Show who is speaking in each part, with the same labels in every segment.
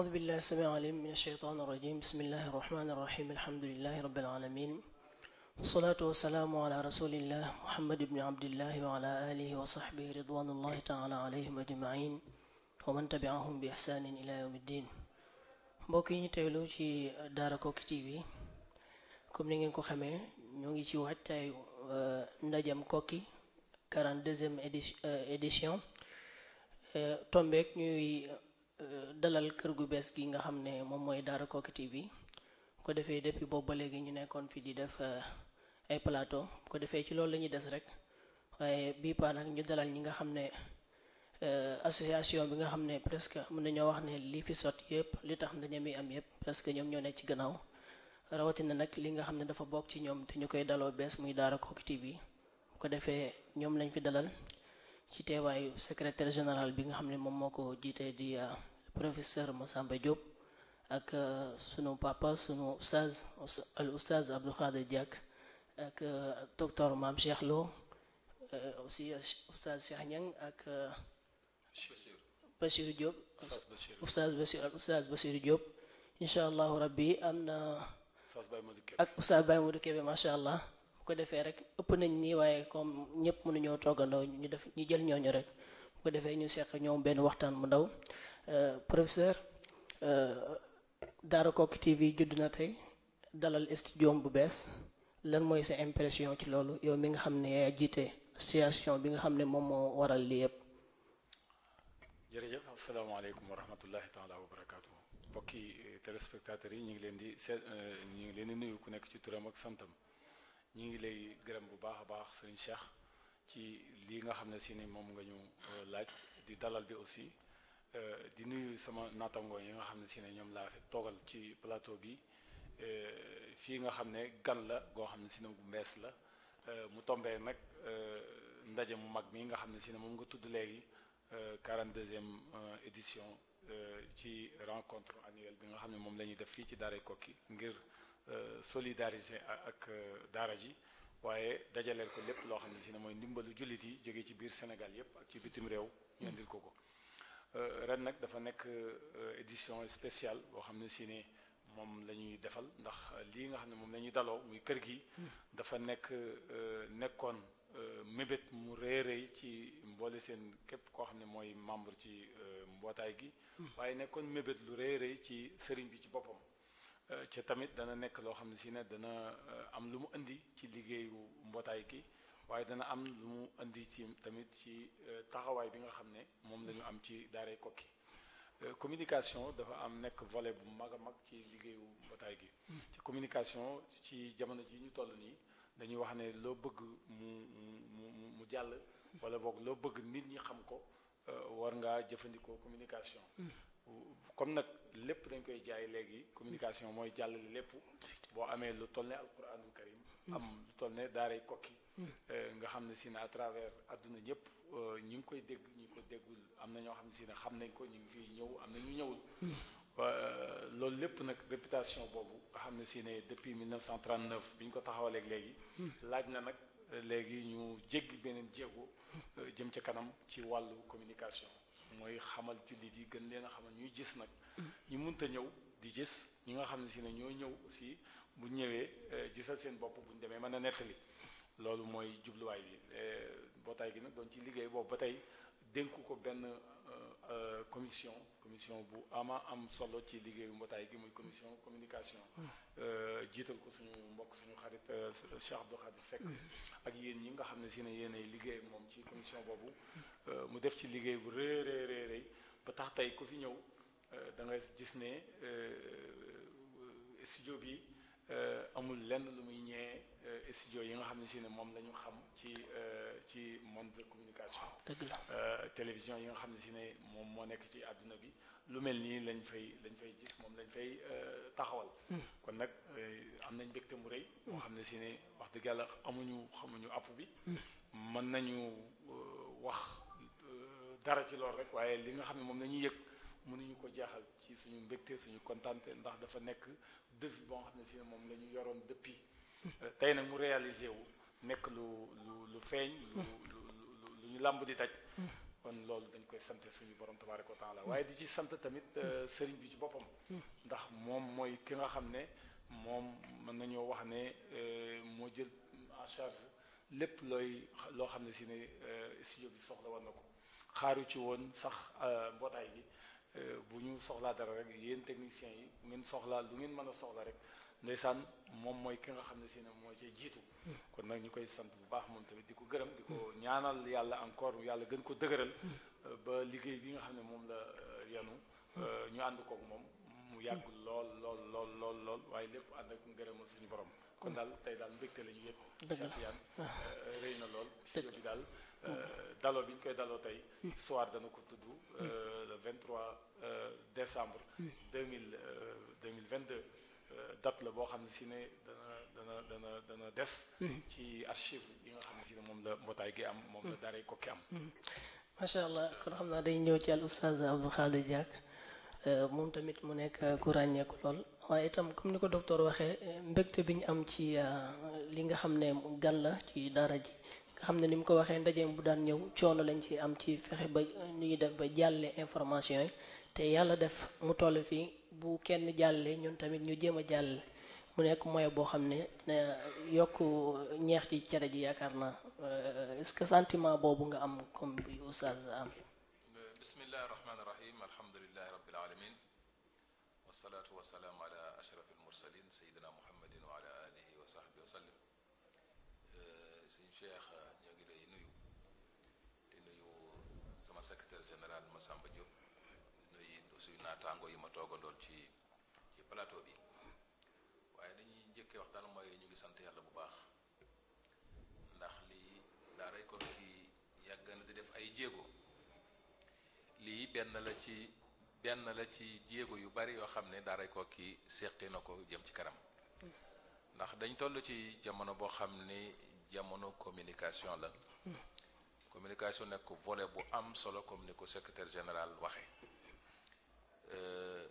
Speaker 1: أعوذ بالله السميع العليم من الشيطان الرجيم بسم الله الرحمن الرحيم الحمد لله رب العالمين والصلاة والسلام على رسول الله محمد بن عبد الله وعلى آله وصحبه رضوان الله تعالى عليهم أجمعين ومن تبعهم بإحسان إلى يوم الدين mbokk yi ñu teewlu ci Daara Koki TV comme ni ngeen ko xamee ñoo ngi ci waajtaayu ndajam Koki 42e édition tombeek ñuy Euh, dalal kër gu bees gi nga xam ne moom mooy Daara Koki TV ko defee depuis boobu ba léegi ñu nekkoon fi di def euh, ay plateau ko defee ci loolu la des rek waaye bii ñu dalal ñi nga xam ne euh, association bi nga xam ne presque mën nañoo wax ne li fi sot yëpp li tax ndaje mi am yëpp parce que ñoom ñoo ne ci gannaaw rawatina nag li nga xam ne dafa bokk ci ñoom te ñu koy daloo bees muy Daara Koki TV ko defee ñoom lañ fi dalal ci teewaayu secretaire général bi nga xam ne moom moo ko jiitee di. professeur Massamba Diop ak euh, sunu papa suñu oustaz al oustaz Abdou Khader Diak ak euh, docteur Mame Cheikh Lo euh, aussi oustaz Cheikh Niang ak Bachir Diop oustaz Bachir ak oustaz Bachir Diop incha allahu rabbi am na ak oustaz Baye Modou Kébé macha allah bu ko defee rek ëpp nañ nii waaye comme ñëpp mënuñoo ndaw ñu def ñu jël ñooñu rek bu ko defee ñu seq ñoom benn waxtaan mu ndaw Euh, professeur euh, Daara Koki TV judd na tey dalal studio bu bees lan mooy sa impression ci loolu yow mi nga xam ne yaa jiite association bi nga xam ne moom moo waral lii yëpp.
Speaker 2: jërëjëf asalaamaaleykum wa rahmatullahi taala wa barakaatu mbokki euh, téléspectateurs yi ñu ngi leen di seet ñu ngi leen di nuyu ku nekk ci turam ak santam ñu ngi lay gërëm bu baax a baax sëriñ Cheikh ci lii nga xam ne si ni moom nga ñu laaj di dalal bi aussi. Euh, di nuyu sama nattangoo yi nga xam ne sine ñoom laa fi toogal ci plateau bi euh, fii nga xam ne gan la goo xam ne sine bu mbees la euh, mu tombee nag ndaje mu mag mi nga xam ne si ne moom nga tudd léegi quarante deuxième édition ci rencontre annuelle bi nga xam ne moom lañuy def fii ci daaray Koki ngir solidariser ak daara ji waaye dajaleel ko lépp loo xam ne si ne mooy ndimbalu jullit yi jóge ci biir Sénégal yépp ak ci bitim réew ñu indil ko ko Euh, ren nag dafa nekk euh, édition spéciale boo xam ne si ne moom lañuy defal ndax euh, lii nga xam ne moom lañuy daloo muy kër gi hmm. dafa nekk nekkoon mébét mu rëy rëy ci mboole seen képp koo xam ne mooy membre ci mbootaay gi hmm. waaye nekkoon mébét lu rëy rëy ci sëriñ bi ci boppam ca tamit dana nekk loo xam ne si ne dana am lu mu indi ci liggéeyu mbootaay gi waaye dana am lu mu indi ci tamit ci euh, taxawaay bi nga xam ne moom la am ci daaray kokki euh, communication dafa am nekk vole bu mag a mag ci liggéeyu mbootaay gi hmm. ci communication ci jamono ji ñu toll nii dañuy wax ne loo bëgg mu mu mu jàll wala boog loo bëgg nit ñi xam ko euh, war ngaa jëfandikoo communication hmm. comme nag lépp dañ koy jaay léegi communication mooy jàllale lépp boo amee lu toll ne alquranul karim am lu toll ne daaray kokki eh, nga xam ne si ne à travers àdduna ñëpp eh, ñi ngi koy dégg ñi ko déggul am na ñoo xam ne si ne xam nañ ko ñu ngi fiy ñëw am na ñu ñëwul eh, loolu lépp nag réputation boobu nga xam ne si ne depuis 1939 bi ñu ko taxawaleeg léegi laaj na nag léegi ñu jéggi beneen jéego jëm ca kanam ci wàllu communication mooy xamal jullit gën leen a xamal ñuy gis nag ñu di gis ñi nga xam ne si ne ñoo ñëw aussi bu ñëwee euh, gisal seen bopp bu ñu demee mën a nettali loolu mooy jubluwaay bi euh, mbootaay gi nag doon ci liggéey boobu ba tey dénku ko benn euh, commission commission bu ama am solo ci liggéeyu mbootaay gi muy commission communication mm. jiital ko suñu mbokk suñu xarit Cheikh Abdou Khadir Seck mm. ak yéen ñi nga xam ne si ne yéenay liggéey moom ci commission boobu mu def ci liggéey bu rëy rëy rëy ba tax tey ku fi ñëw da gis ne studio bi Euh, amul lenn lu muy ñee euh, studio yi nga xam ne si ne moom lañu xam ci euh, ci monde de communication. télévision yi nga xam ne si ne moom moo nekk ci àdduna bi lu mel nii lañ fay lañ fay gis moom lañ fay taxawal. Hmm. kon nag am nañ mbégte mu rëy. moo hmm. xam ne si ne wax yàlla amuñu xamuñu app bi. Hmm. mën nañu wax dara ci loolu rek waaye li nga xam ne moom la ñuy yëg mënuñu ko jaaxal ci suñu mbégte suñu kontaante ndax dafa nekk. devis boo xam ne si ne moom la ñu yoroon depuis tey nag mu réalisé wu nekk lu lu lu feeñ lu lu ñu làmb di daj kon loolu dañ koy sant suñu borom tabaaraka wa la waaye di ci sant tamit euh, sëriñ bi ci boppam ndax moom mooy ki nga xam ne moom mën nañoo wax ne euh, moo jël en charge lépp looy loo xam ne si ne euh, studio bi soxla woon na ko xaaru ci woon sax mbootaay bi Euh, bu ñu soxlaa dara rek yéen techniciens yi ngeen soxlaa lu ngeen mën a soxla rek ndeysaan moom mooy ki nga xam ne si ne moo cee jiitu kon nag ñu koy sant bu baax moom tamit di ko gërëm di ko ñaanal yàlla encore yàlla gën ko dëgëral euh, ba liggéey bi nga xam ne moom la euh, yanu ñu ànd kook moom mu yàgg lool lool lool lool lool waaye lépp ànd ak ngërëmal suñu borom kon daal tey daal mbégte la ñu yëpp Cheikh euh, rëy na lool studio bi daal euh, daloo bi ñu koy daloo tey soir dana ko tudd euh, le 23 décembre 2000 2022 date la boo xam ne si ne dana dana dana des ci archive yi nga xam ne si ne moom la mbootaay gi am moom la mm. daaree kokki am mm.
Speaker 1: macha allah kon xam naa day ñëw ci al oustaz Abdou Khadir Diack moom tamit mu nekk ku ràññeeku lool waaye itam comme ni ko docteur waxee mbégte bi ñu am ci euh, li nga xam ne gan la ci dara ji nga xam ne ni mu ko waxee ndajeem bu daan ñëw coono lañ ci am ci fexe ba nu ñuy def ba jàlle information yi te yàlla def mu toll fii bu kenn jàlle ñun tamit ñu jéem a jàlle mu nekk moyen boo xam ne yokk ñeex ci cere ji yaakaar na euh, est-ce sentiment boobu nga am comme bi oustaz am
Speaker 3: bismillahi rahmaani rahim alhamdulillahi rabbil alamin wasalaatu wasalaamu ala Cheikh euh, ñoo ngi lay nuyu di nuyu sama secretaire général Massamba Diop di nuyu suñu naataango yi ma toogandoon ci ci plateau bi waaye dañuy njëkkee wax daal mooy ñu ngi sant yàlla bu baax ndax lii daa rey ko ki yàgg na di def ay jéego lii benn la ci benn la ci jéego yu bari yoo xam ne daaray Koki séqi na ko jëm ci kanam mm. ndax dañ toll ci jamono boo xam ni jamono communication la communication nekk volet bu am solo comme ni ko secretaire général waxe euh,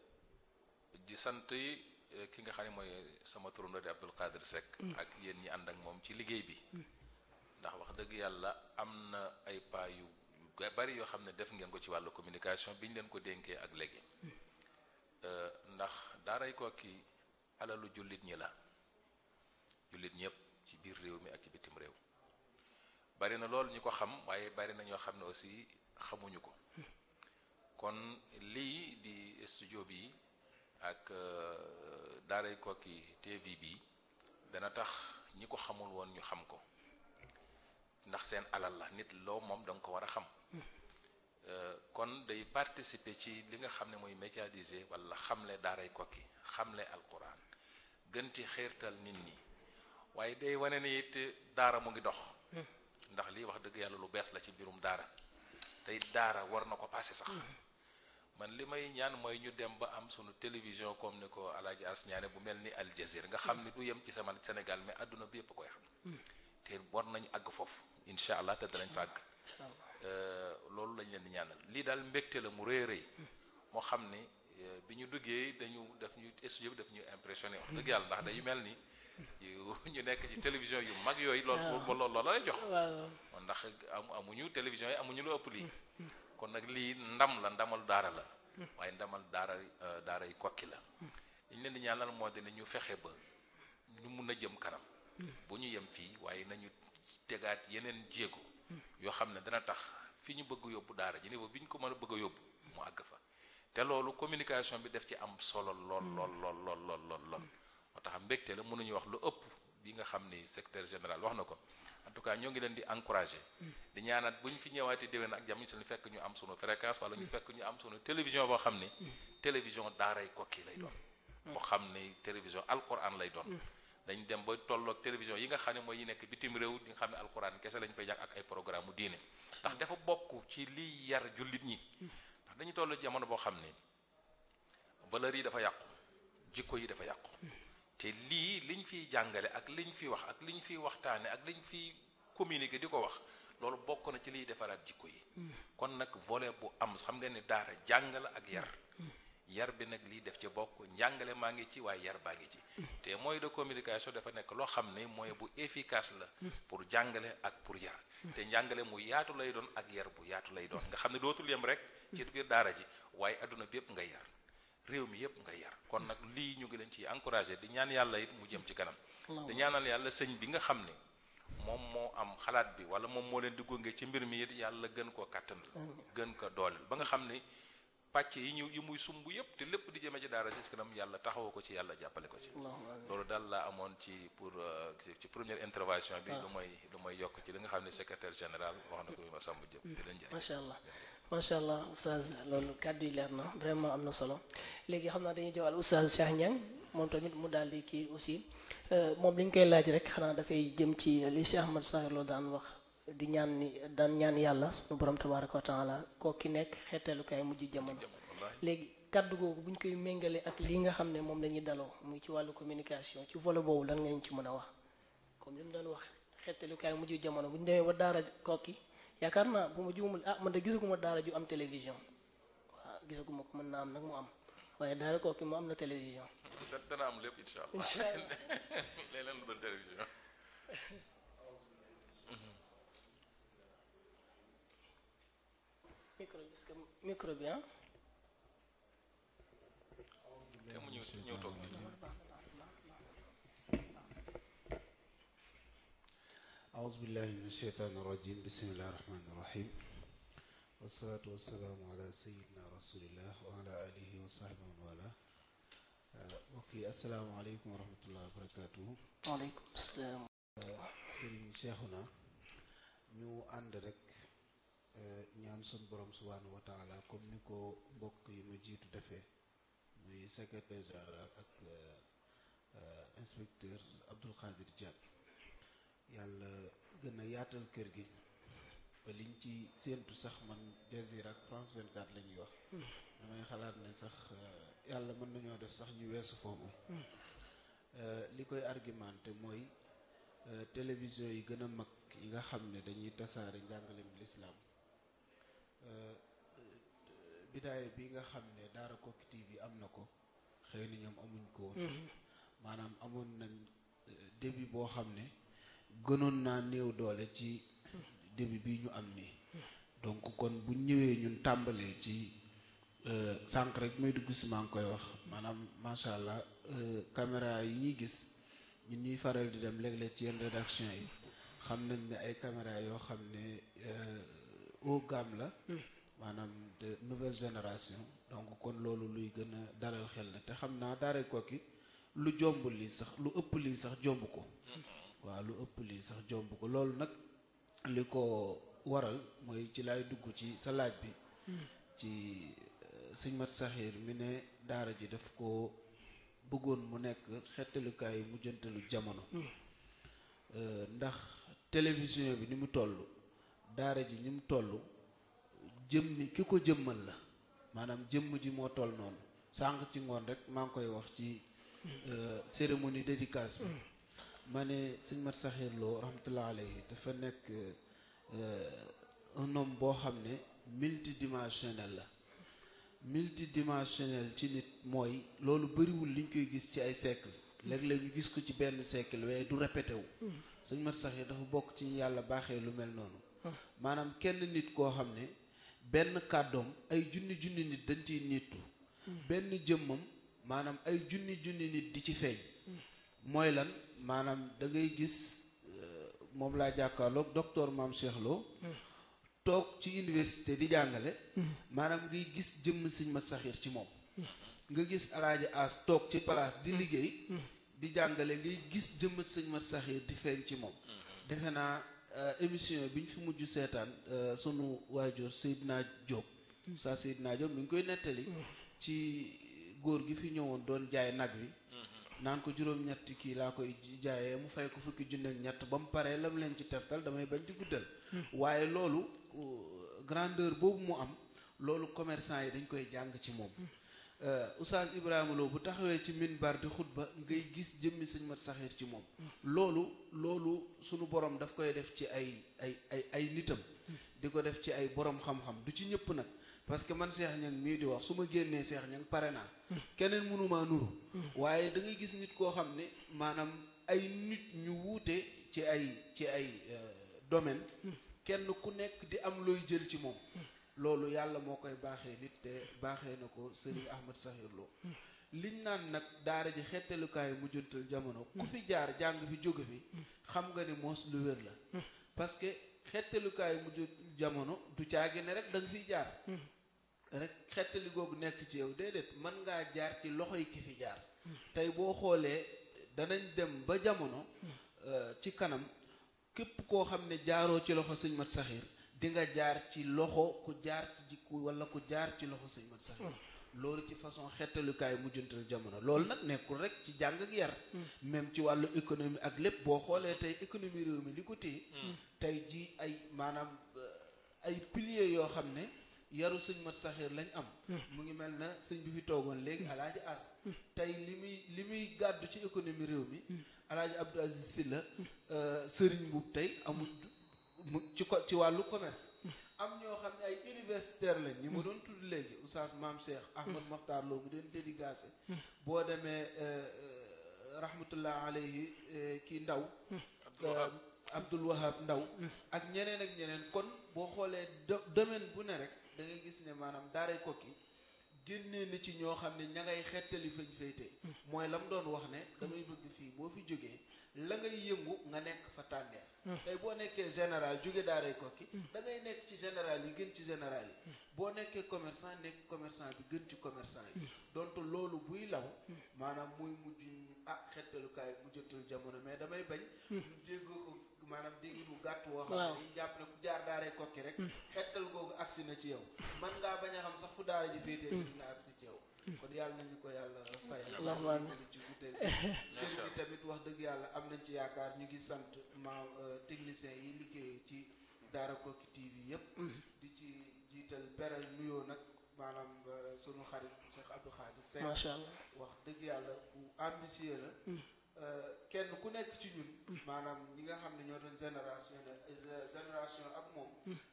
Speaker 3: di sant euh, ki nga xam ne mooy sama turandoo di Abdul Qadir Seck mm. ak yéen ñi ànd ak moom ci liggéey bi mm. ndax wax dëgg yàlla am na ay pas yu bari yoo xam ne def ngeen ko ci wàllu communication bi ñu leen ko dénkee ak léegi mm. euh, ndax daaray Koki alalu jullit ñi la jullit ñëpp ci biir réew mi ak ci bitim réew bari na lool ñu ko xam waaye bari na ñoo xam ne aussi xamuñu ko kon lii di studio bi ak euh, daaray Koki TV bi dana tax ñi ko xamul woon ñu xam ko ndax seen alal la nit loo moom danga ko war a xam euh, kon day participer ci li nga xam ne mooy médiatiser wala xamle daaray kokki xamle alquran gën ci xiirtal nit ñi waaye day wane ni it daara mu ngi dox hmm. ndax lii wax dëgg yàlla lu bees la ci mbirum daara tey daara war na ko passé sax hmm. man li may ñaan mooy ñu dem ba am sunu télévision comme ni ko alaaji as ñaane bu mel ni Al Jazeera nga xam ni du yem ci sama Sénégal mais àdduna bi yëpp koy xam hmm. te war nañ àgg foofu incha allah te danañ fa àgg euh, loolu lañ leen di ñaanal lii daal mbégte la mu rëy rëy moo xam ni euh, bi ñu duggee dañu def ñu studio bi daf ñu impressionné wax dëgg yàlla ndax dayu mel ni yu ñu nekk ci télévision yu mag yooyu. lool loolu ah. loolu la lay jox. waaw ndax am amuñu télévision yi amuñu lu ëpp lii. kon nag lii ndam la ndamal daara la. waaye ndamal daara euh, daara yi kokki la. li leen di ñaanal moo di ne ñu fexe ba ñu mun a jëm kanam. bu ñu yem fii waaye nañu tegaat yeneen jéego. yoo xam ne dana tax fi ñu bëgg yóbbu daara ji niveau bi ñu ko mën a bëgg yóbbu mu àgg fa te loolu communication bi def ci am solo lool lool lool lool lool. moo tax mbégte la mënuñu wax lu ëpp bi nga xam ni secrétaire général wax na ko en tout ñoo ngi leen di encourager di ñaanaat bu ñu fi ñëwaatee déwén ak jàmm ñu fekk ñu am sunu fréquence wala ñu fekk ñu am sunu télévision boo xam ni télévision daaray kokki lay doon boo xam ni télévision alquran lay doon dañ dem ba tolloog télévision yi nga xam ne mooy yi nekk bitim réew di nga xam ne alquran kese lañ fay jàng ak ay programme mu diine ndax dafa bokk ci liy yar jullit ñi ndax dañu toll jamono boo xam ni valeurs yi dafa yàqu jikko yi dafa yàqu te lii liñ fiy jàngale ak liñ fi wax ak liñ fiy waxtaane ak liñ fiy communiquer di ko wax loolu bokk na ci liy defaraat jikko yi kon nag volet bu am xam nga ne daara jàng la ak yar yar bi nag lii def ci bokk njàngale maa ngi ci waaye yar baa ngi ci te mooy de communication dafa nekk loo xam ne mooy bu efficace la pour jàngale ak pour yar te njàngale mu yaatu lay doon ak yar bu yaatu lay doon nga xam ne dootul yem rek ci biir daara ji waaye àdduna bépp nga yar réew mi yëpp nga yar kon nag lii ñu ngi leen ci encouragé di ñaan yàlla it mu jëm ci kanam di ñaanal yàlla sëñ bi nga xam ne moom moo am xalaat bi wala moom moo leen di gunge ci mbir mi it yàlla gën koo kàttan gën ko dooleel ba nga xam ne pàcc yi ñu yi muy sumb yëpp te lépp di jëmee ci daara ci kanam yàlla taxawoo ko ci yàlla jàppale ko ci loolu daal laa amoon ci pour euh, ci première intervention bi ah. lu may lu may yokk ci li nga xam ne secretaire général wax na ko ma sàmm jëpp mm. di
Speaker 1: leen macha allah oustaz loolu kàddu yi leer na vraiment am na solo léegi xam naa dañuy jëwal oustaz Cheikh Niang moom tamit mu daal di kii aussi euh, moom li ñu koy laaj rek xanaa dafay jëm ci li Cheikh Ahmad Sahir loolu daan wax di ñaan ni daan ñaan yàlla suñu borom tabaraka wa taala koo ki nekk xeeteelu kaay mujj jamono léegi kàddu googu bu ñu koy méngale ak lii nga xam ne moom la daloo muy ci wàllu communication ci volo boobu lan ngeen ci mën a wax comme li mu doon wax xeeteelu kaay mujj jamono bu ñu demee ba daara kooki yaakaar naa bu ma juumul ah man de gisaguma daara ju am télévision waaw gisaguma ko mën naa am nag mu am waaye daara kooku mu am na télévision.
Speaker 3: dana am lépp incha allah incha allah leneen lu télévision.
Speaker 1: micro
Speaker 4: أعوذ بالله من الشيطان الرجيم بسم الله الرحمن الرحيم والصلاة والسلام على سيدنا رسول الله yi asalaamaaleykum wa rahmatulah wa uh, barakaatu. Uh, ñu ànd rek uh, ñaan suñ borom subhaanahu wa taala comme ni ko mbokk yi ma jiitu defee muy secrétaire général ak inspecteur Abdoul Khadir Diagne yaatal kër gi ba liñ ci séentu sax man Jazeera ak France 24 la ñuy wax damay xalaat ne sax euh, yàlla mën nañoo def sax ñu weesu foofu euh, li koy argumenté mooy euh, télévision yi gën a mag yi nga xam ne dañuy tasaare njàngalem lislaam bidaaye bi nga xam ne Daara Koki bi am na ko xëy na ñoom amuñ ko woon mm-hmm. maanaam amoon nañ début boo xam ne gënoon naa néew doole ci début bi ñu am nii donc kon bu ñëwee ñun tàmbalee ci euh, sànq rek muy dugg si maa ngi koy wax maanaam macha allah euh, caméra yi ñuy gis ñun ñuy faral di dem léeg-léeg ci yenn rédaction yi xam nañ ne ay caméra yoo xam ne euh, haut gamme la hmm. maanaam de nouvelle génération donc kon loolu luy gën a dalal xel na te xam naa ko Koki lu jomb lii sax lu ëpp lii sax jomb ko hmm. waaw lu ëpp lii sax jomb ko loolu nag li ko waral mooy ci lay dugg ci salaaj bi hmm. ci eh, sëñ mat saxiir mi ne daara ji daf ko bëggoon mu nekk xettalukaayu mujjantalu jamono hmm. eh, ndax télévision bi ni mu toll daara ji ni mu toll jëmmi ki ko jëmmal la maanaam jëmm ji moo toll noonu sànq ci ngoon rek maa ngi koy wax ci hmm. eh, cérémonie dédicace bi ma ne sëñ Mat Saxir Lo dafa nekk euh, un boo xam ne multidimensionnel la multidimensionnel ci nit mooy loolu bëriwul liñ koy gis ci ay siècle léeg-léeg gis ko ci benn siècle waaye du répété wu mm. sëñ Mat Saxir dafa bokk ci yàlla baaxee lu mel noonu mm. maanaam kenn nit koo xam ne benn kàddoom ay junni junni nit dañ ciy nittu mm. benn jëmmam maanaam ay junni junni nit di ci feeñ mooy lan maanaam da ngay gis euh, moom laa jàkkaarloog docteur Mame Cheikh Lo toog ci université di jàngale maanaam ngay gis jëmm sëñ ma saxir ci moom nga gis alaaji as toog ci place di liggéey di jàngale ngay gis jëmm sëñ ma saxir di feeñ ci moom defe naa euh, émission bi ñu fi mujj seetaan euh, sunu waajur Seydina Diop saa Seydina Diop mi ngi koy nettali ci góor gi fi ñëwoon doon jaay nag wi naan ko juróom-ñetti kii laa koy jaayee mu fay ko fukki junne ñett ba mu paree lam leen ci teftal damay bañ di guddal hmm. waaye loolu euh, grandeur boobu mu am loolu commerçant yi dañ koy jàng ci moom hmm. euh, Oustaz Ibrahima Lo bu taxawee ci minbar di xutba ngay gis jëmmi sëñ mat saxiir ci moom hmm. loolu loolu sunu borom daf koy def ci ay ay ay ay nitam di ko def ci ay boroom xam-xam du ci ñëpp nag parce que man Cheikh Niang mii di wax su ma génnee Cheikh Niang pare naa keneen mënumaa nuru waaye da nga gis nit koo xam ne maanaam ay nit ñu wuute ci ay ci ay euh, domaine kenn ku nekk di am looy jël ci moom loolu yàlla moo koy baaxee nit te baaxee na ko Sëriñ Ahmad Saxiir Lo liñ naan nag daara ji xettalukaayu mujjantal jamono ku fi jaar jàng fi jóge fi xam nga ne moos lu wér la parce que xettalukaayu mujj jamono du caagi ne rek da nga fiy jaar rek xettali googu nekk ci yow déedéet mën ngaa jaar ci loxo yi ki fi jaar tey boo xoolee danañ dem ba jamono euh, ci kanam képp koo xam ne jaaroo ci loxo sëñ mat saxiir di nga jaar ci loxo ku jaar ci jikku wala ku jaar ci loxo sëñ mat saxiir loolu ci façon xettalukaay mujjantal jamono loolu nag nekkul rek ci jàng ak yar même ci wàllu économie ak lépp boo xoolee tey économie réew mi li ko téye hmm. tey ji ay maanaam euh, ay piliers yoo xam ne yaru sëñ mat saxir lañ am hmm. mu ngi mel na sëñ bi fi toogoon léegi alaaji as hmm. tey li muy li muy gàddu ci économie réew mi hmm. alaaji abdou aziz silla euh, sëriñ buub tey amul ci ko ci wàllu commerce am ñoo xam ne ay universitaire lañ ñi ma doon tudd léegi oustaz maam cheikh ahmad moxtar loo mu doon dédicacé boo demee euh, euh, rahmatullah alayhi kii ndaw abdul wahab ndaw ak ñeneen ak ñeneen kon boo xoolee domaine bu ne rek da ngay gis ne maanaam daaray kokki génnee na ci ñoo xam ne ña ngay xettali fañ féete mooy lam doon wax ne damay bëgg fii boo fi jógee la ngay yëngu nga nekk fa tànneef hmm. tey boo nekkee général jóge daaray kokki hmm. da nekk ci général yi gën ci général yi hmm. boo nekkee commerçant nekk commerçant bi gën ci commerçant yi donc loolu buy law maanaam muy mujj ah xettalukaay mu jëttal jamono mais damay bañ mu dégg ko maanaam dégg bu gàtt woo na ne jàpp na ku jaar daaree kokki rek hmm. xettal googu agsi na ci yow man ngaa bañ a xam sax fu daara ji féetee hmm. dina agsi ci yow kon yàlla nañu ko yàlla fayal la ci guddee kër wax dëgg yàlla am nañ ci yaakaar ñu ngi sant ma euh, technicien yi liggéey ci daara kokki TV yépp hmm. di ci jiital beral nuyoo nag maanaam euh, sunu xarit Cheikh Abdou Khadir Seck wax dëgg yàlla ku ambitieux la Euh, kenn ku nekk ci ñun. maanaam ñi nga xam ne ñoo doon génération génération ak moom.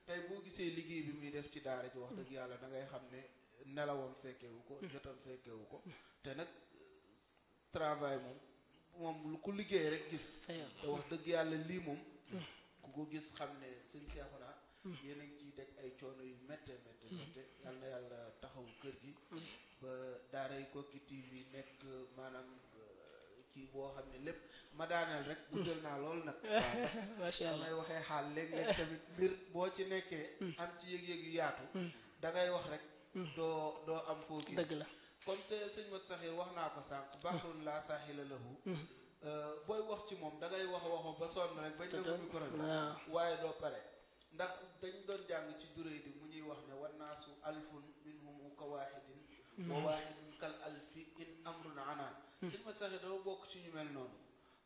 Speaker 4: tey boo gisee liggéey bi muy def ci daara ji wax dëgg yàlla da ngay xam ne nelawoon fekkewu ko. jotoon fekkewu ko te nag travail moom moom lu ko liggéey rek gis. te wax dëgg yàlla lii moom. ku ko gis xam ne sëñ Seexuna yéen a ngi ciy deg ay coono yu mette métte métte yal yàlla taxaw kër gi. ba daaray Koki TV nekk maanaam. boo xam ne lépp ma daaneel rek bu jël naa loolu nag macha allah may waxee xaal léeg-léeg tamit mbir boo ci nekkee mm. am ci yëg-yëg yu yaatu mm. da ngay wax rek mm. doo doo am foo kii la comme te sëñ mat saxir wax naa ko sànq baxrun laa saaxila lahu euh, booy wax ci moom da ngay wax ba sonn rek bañ dëgg micro bi waaye doo pare ndax dañ doon jàng ci durée di mu ñuy wax ne wannaasu alfun minhum kawaaxidin wa waaxidun kal alf sëñ ma saxe dama bokk ci ñu mel noonu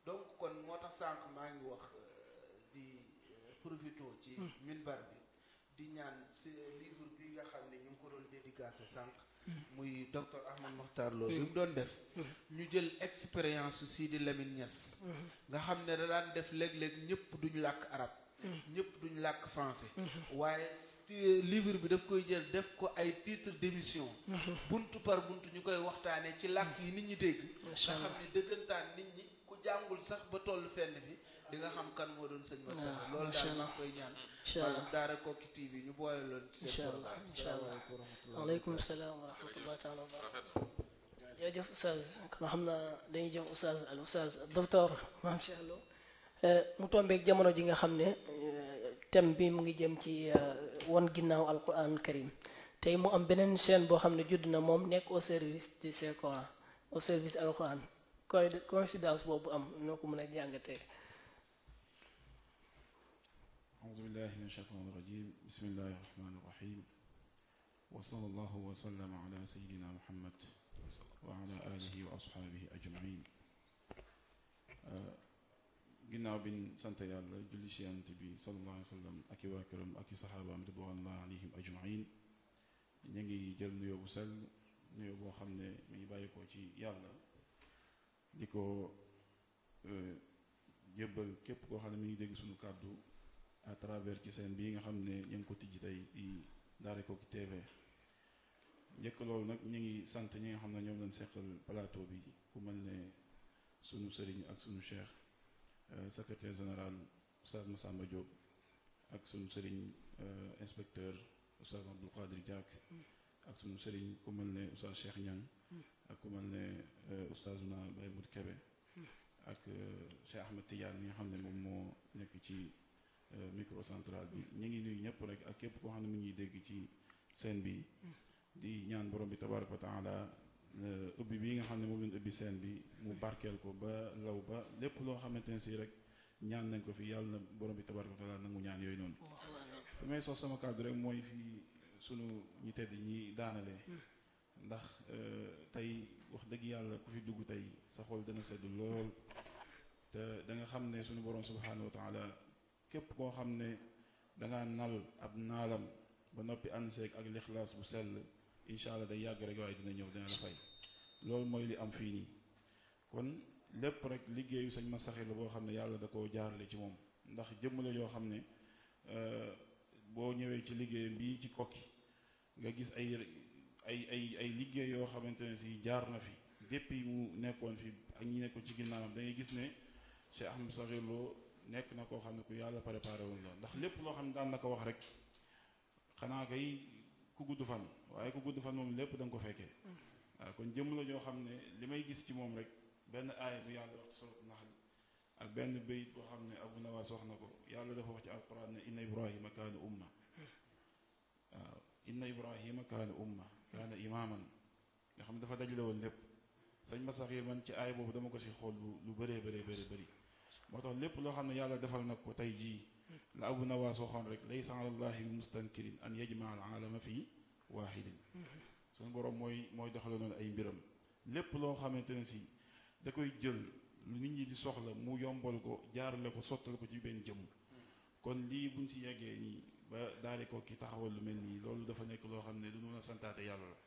Speaker 4: donc kon moo tax sànq maa ngi wax euh, di euh, profité ci hmm. minbar bi di ñaan si livre bi nga xam ne ñu ngi ko doon dédicacé sànq hmm. muy docteur Ahmad Mokhtar Lo bi hmm. mu doon def ñu jël expérience su di Lamine ñas nga xam ne da daan def léeg-léeg ñëpp duñu làkk arab ñëpp duñ làkk français waaye livre bi daf koy jël def ko ay titre d'émission buntu par buntu ñu koy waxtaanee ci làkk yi nit ñi dégg nga xam ne dëggantaan nit ñi ku jàngul sax ba toll fenn fi di nga xam kan moo doon sëñ Mor Sall ah, loolu daal maa ngi koy ñaan maanaam Daara Koki TV ñu boole loon seen programme salaamaaleykum wa rahmatullah aleykum salaam wa rahmatullah
Speaker 1: taala wa barakatuh jërëjëf oustaz ma xam naa dañuy jëm oustaz al oustaz docteur eh, mu tombeeg jamono ji nga xam ne eh, thème bi mu ngi jëm ci euh, won ginnaaw alquran karim tey mu am beneen chaîne boo xam ne judd na moom nekk au service du Saint Coran au service alquran coïncidence boobu am noo ko mën a jàngatee
Speaker 5: auzu billahi min shaytaani rajim bismillahi rahmaani rahim wa sallallahu wa sallama ala sayyidina muhammad wa ala alihi wa ashaabihi ajmain ginnaaw bi ñu sant yàlla julli ci yonent bi sallallahu alayhi wa sallam ak i waa këram ak i saxaabaam ridwanullahi alayhim ajmain ñu ngi jël nuyoo bu sell nuyoo boo xam ne mi ngi bàyyi ko ci yàlla di ko euh, jébbal képp koo xam ne mi ngi dégg suñu kàddu à travers ci seen bii nga xam ne ñu ngi ko tijj tey di Daara Koki TV njëkk loolu nag ñu ngi sant ñi nga xam ne ñoom lañ seqal plateau bi ku mel ne sunu sëriñ ak sunu cheikh Euh, secretaire général Oustaz Massamba Diop ak sunu sëriñ euh, inspecteur Oustaz Abdou Khadir Diak ak sunu sëriñ ku mel ne Oustaz Cheikh Niang ak ku mel ne euh, Oustaz na Baye Mout Kebe ak Cheikh Ahmed Tidiane mi nga xam ne moom moo nekk ci micro central bi ñu ngi nuyu ñëpp rek ak képp koo xam ne mu ngi dégg ci seen bi di ñaan borom bi tabaraka wa Euh, ubbi bii nga xam ne moom leen ubbi seen bi mu barkeel ko ba law ba lépp loo xamante ne si rek ñaan nañ ko fi yàlla na borom bi tabaraka wa taala nangu ñaan yooyu noonu fi may sos sama kàddu rek mooy fii sunu ñi tedd ñi daanale ndax euh, tey wax dëgg yàlla ku fi dugg tey sa xol dana sedd lool te danga xam ne sunu borom subhanahu wa képp koo xam ne danga nal ab naalam ba noppi ànd ak lixlaas bu sell incha allah day yàgg rek waaye dina ñëw dina la fay loolu mooy li am fii nii kon lépp rek liggéeyu sëñ Massakhir la boo xam ne yàlla da koo jaarale ci moom ndax jëmm la yoo xam ne euh, boo ñëwee ci liggéeyam bii ci kokki nga gis ay ay ay ay liggéey yoo xamante ne si jaar na fi depuis mu nekkoon fi ak ñi nekkoon ci ginnaawam da ngay gis ne Cheikh am Massakhir nekk na koo xam ne ku yàlla préparé woon la ndax lépp loo xam ne daan na ko wax rek xanaa kay ku gudd fan waaye ku gudd fan moom lépp da nga ko fekkee waaw kon jëmm la joo xam ne li may gis ci moom rek benn aaya bu yàlla wax ci ak benn bayit boo xam ne abu nawaas wax na ko yàlla dafa wax ci alquran ne inna ibrahima kaana umma waaw inna ibrahima kaana umma kaana imaaman nga xam ne dafa dajale woon lépp sëñ masaxir man ci aay boobu dama ko si xool lu lu bëree bëree bëri moo tax lépp loo xam ne yàlla defal na ko tey jii la abu nawaas waxoon rek laysa alallahi bi mustankirin an yajmaa al aalama fi waahidin suñu boroom mooy mooy doxale noonu ay mbiram lépp loo xamante ne si da koy jël lu nit ñi di soxla mu yombal ko jaarale ko sottal ko ci benn jëmm kon lii buñ si yeggee nii ba daale ko ki taxawal lu mel nii loolu dafa nekk loo xam ne du mën a santaate yàlla la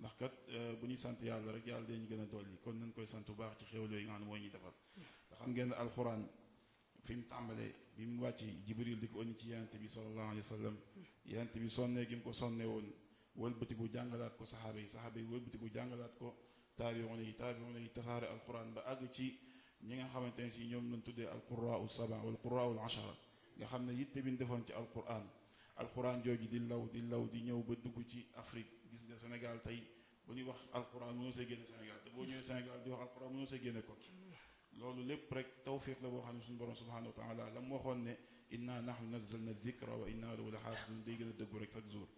Speaker 5: ndax kat euh, bu nuy sant yàlla rek yàlla dañu gën a yi kon nañ koy sant bu baax ci xew loo nga xam ne mooy ñuy defal fi mu tàmbalee bi mu wàcc jibril di ko ënni ci yonente bi sallallahu alayhi wa sallam yonente bi sonnee gi mu ko sonnee woon wëlbatiku jàngalaat ko saxaaba yi saxaaba yi wëlbatiku jàngalaat ko taariixoona yi taariixoona yi tasaare al alquran ba àgg ci ñi nga xamante ne si ñoom lañ tuddee alquraau saba wal quraau ashara nga xam ne yitte bi ñu defoon ci alquran alquran jooju di law di law di ñëw ba dugg ci Afrique gis nga Sénégal tey bu ñu wax alquran mënoo see génne Sénégal te boo ñëwee Sénégal di wax alquran mënoo see génne ko loolu lépp rek tawfiq la boo xam ne suñu borom subhanahu wa taala la mu waxoon ne inna nahnu nazzalna dhikra wa inna lahu la xaafidun day gën a dëggu rek chaque jour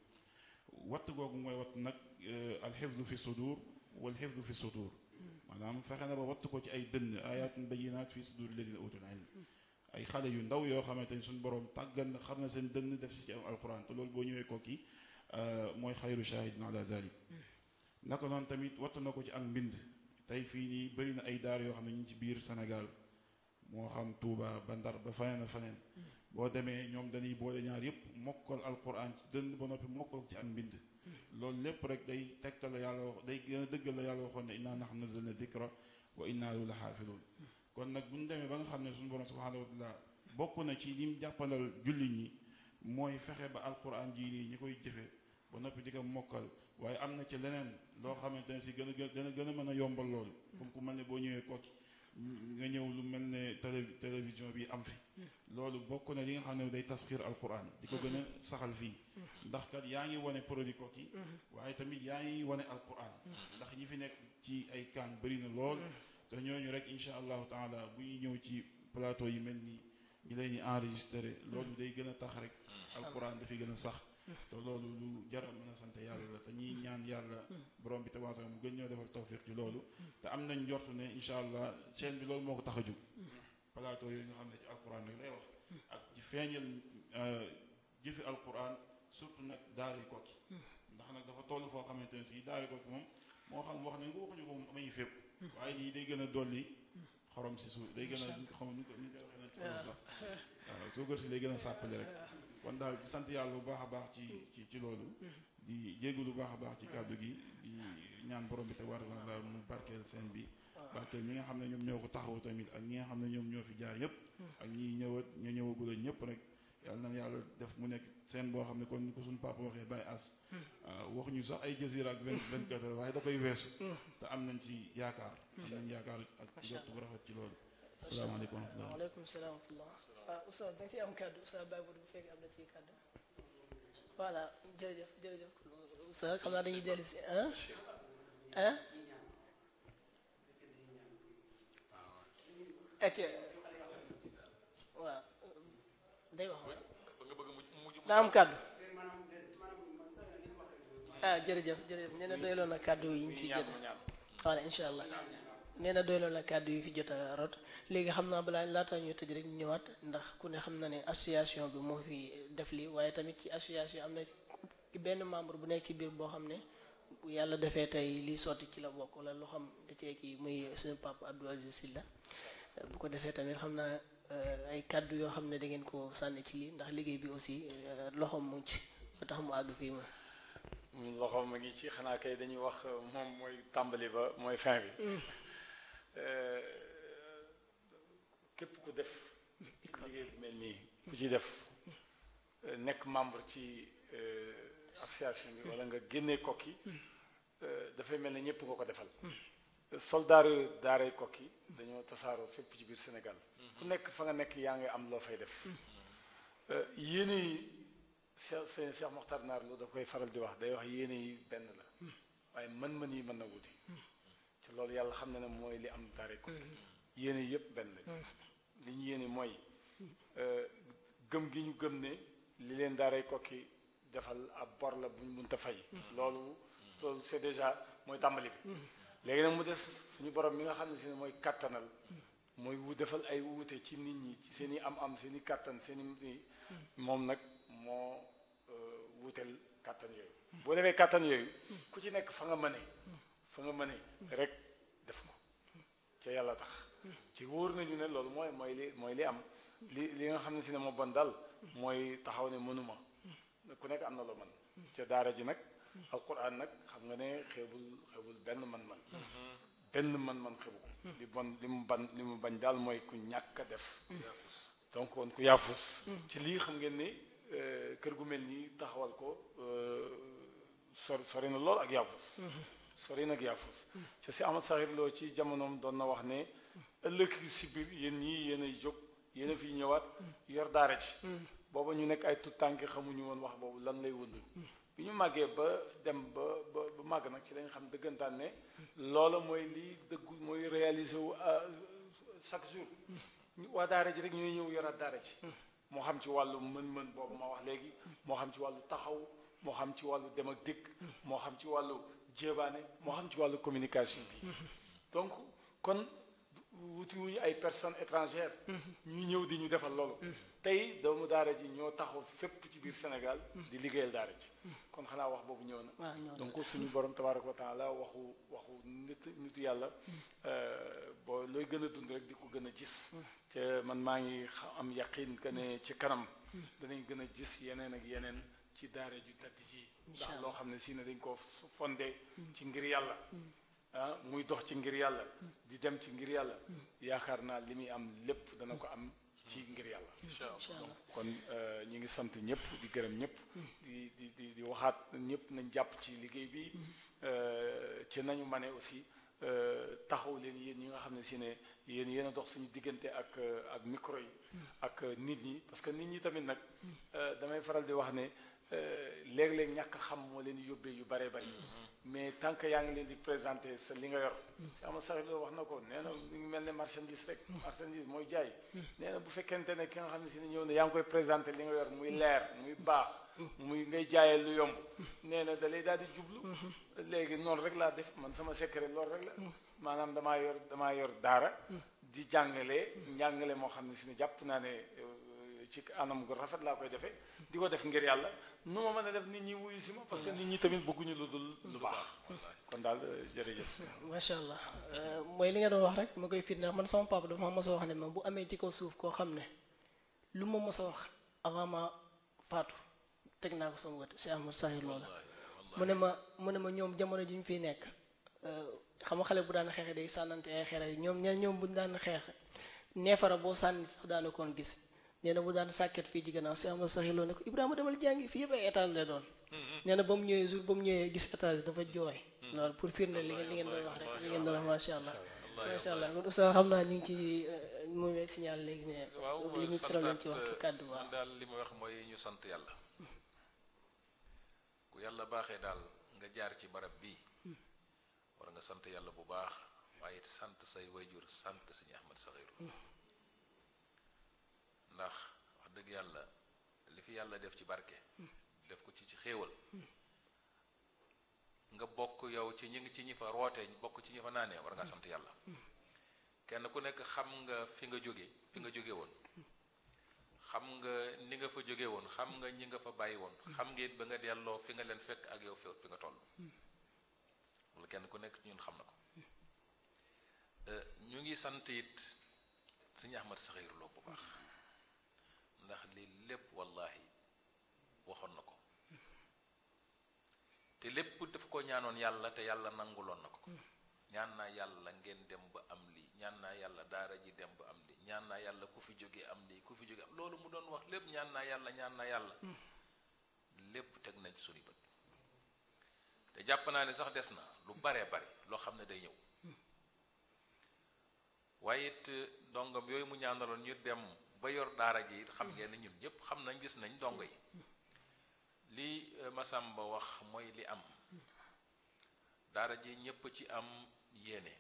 Speaker 5: watt googu mooy watt nag euh, alxifdu fi sudur wal xifdu fi sudur maanaam fexe na watt ko ci ay dënn ayatun bayinat fi sudur lazina utul ilm ay xale yu ndaw yoo xamante ni suñu borom tàggan na xam na seen dënn def si ci am alquran te loolu boo ñëwee kooki euh, mooy xayru shahidin ala zalik naka noonu tamit watt na ko ci ak mbind tey fii nii bëri na ay daar yoo xam ne ñu ngi ci biir senegal moo xam tuuba ba Ndar ba faneen a faneen boo demee ñoom dañuy boole ñaar yëpp mokkal alquran ci dënd ba noppi mokkal ci am mbind loolu lépp rek day tegtal la yàlla wax day gën a dëggal la yàlla waxoon ne xam innaa nahnu nazzalna dikra wa innaa lahu lahaafizuun kon nag bu ñu demee ba nga xam ne suñu borom subhaanahu wa taala bokk na ci lim jàppandal julli ñi mooy fexe ba alquran jii nii ñi koy jëfe ba noppi di ko mokkal waaye am na ci leneen loo xamante ne si gën a gën a gën a mën a yombal loolu mm. comme ku mel ne boo ñëwee Kokki nga ñëw lu mel ne télé télévision bi am fi mm. loolu bokk ne li nga xam ne day tasxiir alquran di ko gën a mm. saxal fii ndax kat yaa ngi wane produit Kokki waaye tamit yaa ngi wane alquran ndax ñi fi nekk ci ay kaan bëri na lool te ñooñu rek incha allahu taala bu ñuy ñëw ci plateau yi mel nii ñu leen di enregistré loolu day gën a tax rek alquran dafay gën a sax te loolu lu jar mën a sant yàlla la te ñuy ñaan yàlla borom bi tabaaraka mu gën ñoo defal tawfiq ci loolu te am nañ njort ne incha allah chaîne bi loolu moo ko tax a jóg palaato yooyu nga xam ne ci al alquran rek lay wax ak ci feeñal euh, jëfi alquran surtout nag daara yu ndax nag dafa toll foo xamante ne si daara kokki moom moo xam wax nañ ko waxuñu ko moom amay fépp waaye lii day gën a dolli xorom si suuf day gën a xam nu ko nu ko day gën a sàppale rek kon daal sant yàlla bu baax a baax ci ci ci loolu. Mm-hmm. di jégalu bu baax a baax ci kàddu gi. di ñaan borom bi te war la mu barkeel seen bi. barkeel ñi nga xam ne ñoom ñoo ko taxaw tamit ak ñi nga xam ne ñoom ñoo fi jaar yëpp. Mm-hmm. ak ñi ñëwat ñu ñëwagul ak ñëpp rek. yàlla na yàlla def mu nekk seen boo xam ne kon ni ko suñu papa waxee bàyyi as. Mm-hmm. Ah, wax ñu sax ay jazira ak vingt vingt quatre waaye da koy weesu. te am nañ ci yaakaar. am nañ yaakaar ak jot bu rafet ci loolu. salaamaaleykum wa rahmatulah
Speaker 1: waaleykum salaam wa rahmatulah waaw oustaz da nga ne doyloon na kàddu yi ñu ciy jël voilà incha allah nee na doyloo la kàddu yu fi jot a rot léegi xam naa balaa laataa ñu tëj rek ñëwaat ndax ku ne xam na ne association bi moo fi def li waaye tamit ci association am na benn membre bu nekk ci biir boo xam ne yàlla defee tey li sotti ci la bokk wala loo kii muy suñu papa Abdou Aziz Sylla bu ko defee tamit xam naa euh, ay kàddu yoo xam ne dangeen ko sànni ci lii ndax liggéey bi aussi euh, loxoom mu ngi ci ba tax mu àgg fii ma
Speaker 2: loxoom mu ngi ci xanaa kay dañuy wax moom mooy tàmbali ba mooy fin bi mm. Euh, képp ku def liggéey mel nii ku ci def euh, nekk membre ci euh, association bi wala nga génnee kokki dafay mel ne ñëpp nga ko defal soldaaru daaray kokki dañoo tasaaroo fépp ci biir Sénégal ku nekk fa nga nekk yaa ngi am loo fay def yéene yi Cheikh seen Naar lu da koy faral di wax day wax yéene yi benn la waaye mën-mën yi mën na wuti loolu yàlla xam na ne mooy li am tariku mm-hmm. yéene yëpp benn mm-hmm. li ñu yéene mooy euh, gëm gi ñu gëm ne li leen daaray kokki defal ab bor la buñ mënta fay mm-hmm. loolu loolu c'est déjà mooy tàmbali bi léegi nag mu des suñu borom bi nga xam ne si ne mooy kattanal mooy wu defal ay wuute ci nit ñi ci seen i am-am seen i kattan seen moom nag moo euh, wuuteel kattan yooyu boo defee kattan yooyu ku ci nekk fa nga mëne fa nga mëne rek def ko ca yàlla tax ci wóor nañu ne loolu mooy mooy li mooy li am li li nga xam ne si ne moo bon daal mooy taxaw ne mënuma ku nekk am na loo man ca daara ji nag alquran nag xam nga ne xeebul xeebul benn man-man benn man-man xeebu ko li bon li mu ban li mu bañ daal mooy ku ñàkk a def donc kon ku yaafus ci lii xam ngeen ni euh, kër gu mel nii taxawal ko euh, sor sori na lool ak yaafus sori nag yaa fuus ca si Amath Sakhir ci jamonoom doon na wax ne ëllëg si sibbir yéen ñii yéen ay jóg yéen a fiy ñëwaat yor daara ci mm. booba ñu nekk ay tut tànki xamuñu woon wax boobu lan lay wund mm. bi ñu màggee ba dem ba ba màgg nag ci lañ xam dëggantaan ne loola mooy lii dëggu mooy réaliser wu ah, chaque jour mm. waa daara ji rek ñuy ñëw yoraat daara ji moo xam ci wàllu mën-mën boobu ma wax léegi moo xam ci wàllu taxaw moo xam ci wàllu dem ak dikk moo xam ci wàllu jéebaane moo xam ci wàllu communication bi donc kon wuti wuñu ay personne étrangères ñu ñëw di ñu defal loolu tey doomu daara ji ñoo taxaw fépp ci biir Sénégal di liggéeyal daara ji kon xanaa wax boobu ñëw na donc suñu borom tabaaraka wa taala waxu waxu nit nitu yàlla euh, boo looy gën a dund rek di ko gën a gis te man maa ngi am yaqin que ne ci kanam hmm. danañ gën a gis yeneen ak yeneen ci daara ju tedd ji ndax loo xam ne si ne dañ ko fondé mm. ci ngir yàlla mm. ah muy dox ci ngir yàlla mm. di dem ci ngir yàlla yaakaar naa li muy am lépp dana ko am ci ngir yàlla kon euh, ñu ngi sant ñëpp di gërëm ñëpp di di di di waxaat ñëpp nañ jàpp ci liggéey bi euh, ci nañu ma ne aussi euh, taxaw leen yéen ñi nga xam ne si ne yéen yéen a dox suñu diggante ak ak micro yi ak nit ñi parce nit ñi tamit nag damay faral di wax ne Euh, léeg-léeg ñàkk xam moo leen yóbbee yu bare bari mm-hmm. mais tant que yaa ngi leen di présenté sa li nga yor ma sax loolu wax na ko nee na mi mel ne marchandise rek mm-hmm. marchandise mooy jaay mm-hmm. nee bu fekkente ne ki nga xam ne si ne ñëw ne yaa ngi koy présenté li nga yor muy leer muy baax muy ngay jaayee lu yomb nee na da lay daal di jublu léegi noonu rek laa def man sama secret loolu rek la maanaam damaa yor damaa yor daara di jàngale njàngale moo xam ne si jàpp naa ne ci anam gu rafet laa koy defee di ko def ngir yàlla nu ma mën a def nit ñi wuyu si ma parce que nit ñi tamit bëgguñu lu dul lu baax kon daal jërëjëf macha allah
Speaker 1: euh, mooy li nga doon wax rek ma koy firndeel man sama papa dafa ma mos a wax ne ma bu amee suuf koo xam ne lu ma mos wax avant ma faatu teg naa ko sama wët si Ahmad Sahir loola mu ne ma mu ne ma ñoom jamono ji ñu fiy nekk euh, xam nga xale bu daan xeexe day sànnante ay xeer yi ñoom ñen ñoom buñ daan xeex neefara boo sànni sax daana gis nee na bu daan sàkket fii ci gannaaw si ama saxiloo ne ko Ibrahima demal jàngi fii yëpp ay étage la doon nee ba mu ñëwee jour ba mu ñëwee gis étage dafa jooy loolu pour firnde li ngeen li ngeen doon wax rek li ngeen doon wax macha allah macha allah xam naa ñu ngi ci euh, mu ngi signal ci waxtu
Speaker 3: kàddu li ma wax mooy ñu sant yàlla ku yàlla baaxee daal nga jaar ci barab bi mm. war nga sant yàlla bu baax waaye sant say wayjur sant sëñ Ahmad Saxiru ndax wax dëgg yàlla li fi yàlla def ci barke def ko ci ci xéewal nga bokk yow ci ñi ngi ci ñi fa roote bokk ci ñi sant yàlla ku nekk xam nga fi nga jóge nga jóge xam nga ni nga fa jóge woon xam nga ñi nga fa bàyyi xam nga ba nga delloo fi nga leen fekk ak yow fi nga toll kenn ku nekk ñun xam na ko euh, ñu ngi sant it suñu Ahmad Saxiir Lo bu baax ndax lii lépp wallahi waxoon na ko te lépp daf ko ñaanoon yàlla te yàlla nanguloon na ko mm. ñaan naa yàlla ngeen dem ba am lii ñaan naa yàlla daara ji dem ba am lii ñaan yàlla ku fi jógee am lii ku fi jógee am loolu mu doon wax lépp ñaan naa yàlla ñaan naa yàlla mm. lépp teg nañ suñu bët te jàpp naa ne sax des na lu baree bari loo xam ne day ñëw mm. waaye it dongam yooyu mu ñaanaloon ñu dem ba yor daara ji xam mm. ngeen ñun ñëpp xam nañ gis nañ dongo yi mm. li eh, Masamba wax mooy li am mm. daara ji ñëpp ci am yéene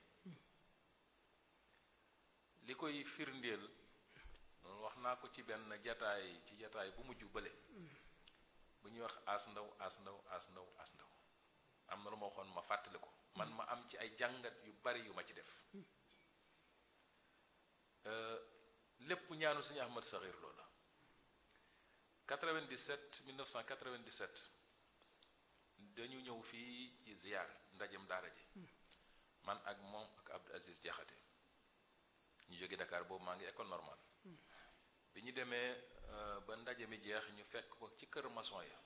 Speaker 3: li koy firndeel wax naa ko ci benn jataay ci jataay bu mujj bële bu ñuy wax as ndaw as ndaw as ndaw am na lu ma waxoon ma fàttali ko man ma am ci ay jàngat yu bari yu ma ci def. Eh, lépp ñaanu suñu Ahmad Saxiir Lo la 97 1997 dañu ñëw fii ci ziar ndajem daara ji hmm. man ak moom ak Abdou Aziz Jaxate ñu jóge Dakar boobu maa ngi école normal hmm. bi ñu demee euh, ba ndaje mi jeex ñu fekk ko ci kër mason ya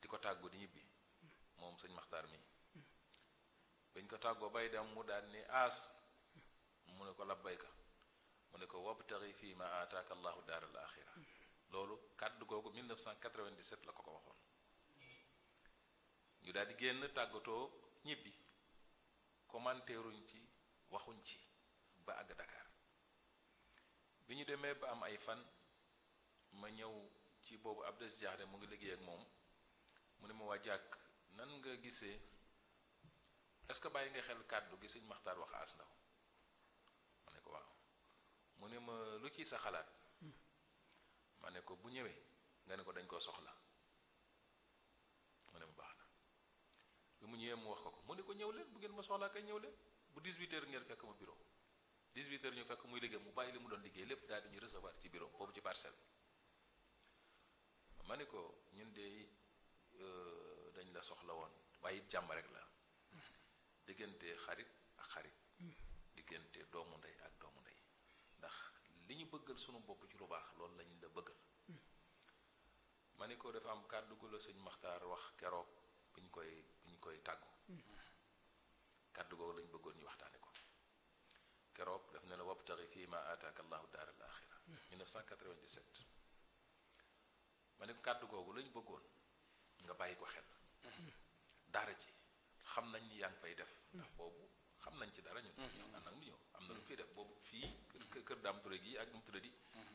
Speaker 3: di ko tàggu di ñibbi hmm. moom sëñ maxtar mi bañ ko tàggoo bay dem mu daal ni aas mu ne ko labbayka mu ne ko wabtaxi fii ma aataaka allahu daar al axira loolu kàddu googu 1997 la ko ko waxoon ñu daal di génn tàggatoo ñibbi commenteeruñ ci waxuñ ci ba àgg Dakar bi ñu demee ba am ay fan ma ñëw ci boobu ab Abdes Diakhate mu ngi liggéey ak moom mu ne ma waa jàkk nan nga gisee est que bàyyi nga xel kàddu gi sëñ Maxtaar wax aas mu ne ma lu ciy sa xalaat ma ne ko bu ñëwee nga ne ko dañ koo soxla mu ne ma baax na bi mu ñëwee mu wax ko ko mu ne ko ñëw leen bu ngeen ma soxlaa kay ñëw leen bu 18 heures ngeen fekk ma bureau 18 heures ñu fekk muy liggéey mu bàyyi li mu doon liggéey lépp daal di ñu recevoir ci bureau foofu ci parcelle ma ne ko ñun de euh, dañ la soxla woon waaye it jàmm rek la mm. diggante xarit ak xarit mm. diggante doomu ndey ak doomu ndey bëggal sunu bopp ci lu baax loolu lañ la bëggal ma ni ko dafa am kàddu gu la sëñ wax keroog bi ñu koy bi ñu koy tàggu kàddu googu bëggoon ñu waxtaane ko keroog daf ne la wabtaxi fii ma ataaka allahu daar al axira 1997 ma kàddu googu lañ bëggoon nga bàyyi ko xel daara ci xam nañ ni yaa ngi fay def ndax boobu xam nañ ci dara ñun mm-hmm. ñëw ànd ak lu ñëw am na lu mu def boobu fii kër daam Touré ak nu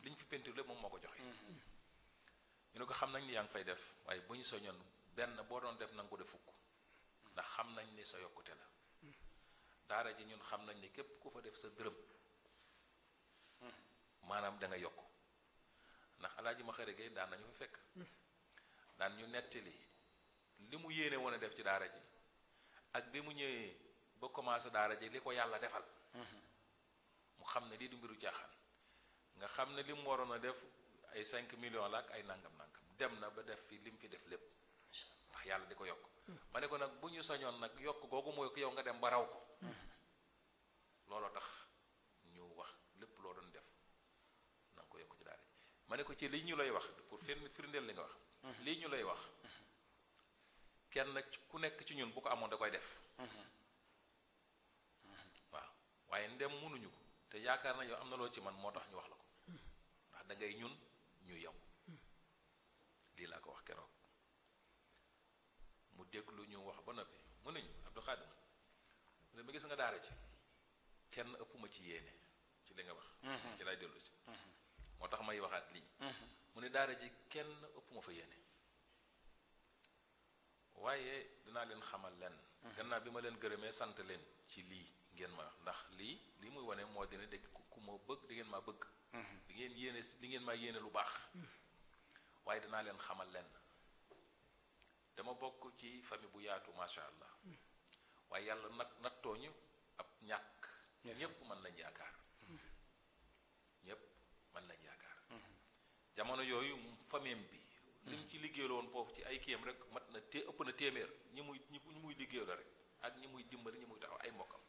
Speaker 3: mu fi peinture lépp moom moo ko joxe ñu ne ko xam nañ ni yaa ngi fay def waaye bu ñu soñoon benn boo doon def na ko def fukk ndax xam nañ ni sa yokkute la daara ji ñun xam nañ ni képp ku fa def sa dërëm maanaam da yokk ndax alaaji ma xëre daan nañu fa fekk daan ñu nettali li mu yéene woon a def ci daara ji ak bi mu ñëwee ba commencé daara ji li ko yàlla defal xam ne lii du mbiru caaxaan nga xam ne li mu waroon a def ay cinq millions la ay nangam nangam dem na ba def fii li mu fi def lépp ndax yàlla di ko yokk hmm. ma ne ko nag bu ñu sañoon nag yokk googu mooy yow nga dem ba raw ko hmm. looloo tax ñu wax lépp loo doon def na ko yokk ci daara ma ne ko ci lii ñu lay wax pour firndeel li nga wax hmm. lii ñu lay wax kenn ku nekk ci ñun bu ko amoon da koy def waaw waaye ndem mënuñu ko te yaakaar na yow am na loo ci man moo tax ñu wax la
Speaker 6: ko
Speaker 3: ndax da ñun ñu yow lii laa ko wax keroog mu déglu ñu wax ba noppi mu ne ñu Abdou Khadim mu ne ma kenn ëpp ci yéene ci li nga wax mhm. ci lay dellu mhm. moo tax may waxaat lii mhm. mu ne daara ji kenn ëpp ma fa yéene waaye dinaa leen xamal leen gannaaw bi ma leen gërëmee sant leen ci lii ngeen ma ndax lii lii muy wane moo dina dégg ku ma bëgg di ngeen maa bëgg mhm. di ngeen yéene li ngeen maa yéene lu baax mhm. waaye danaa leen xamal lenn dama bokk ci famille bu yaatu macha allah mhm. waaye yàlla nag nag nattooñu ab ñàkk ñépp mën lañ yaakaar ñépp mën lañ yaakaar jamono yooyu famille bi li mu ci liggéeyal woon foofu ci ay kéem rek mat na ëpp na téeméer ñi muy ñi muy liggéeyal rek ak ñi muy dimbali ñi muy taxaw ay mbokkam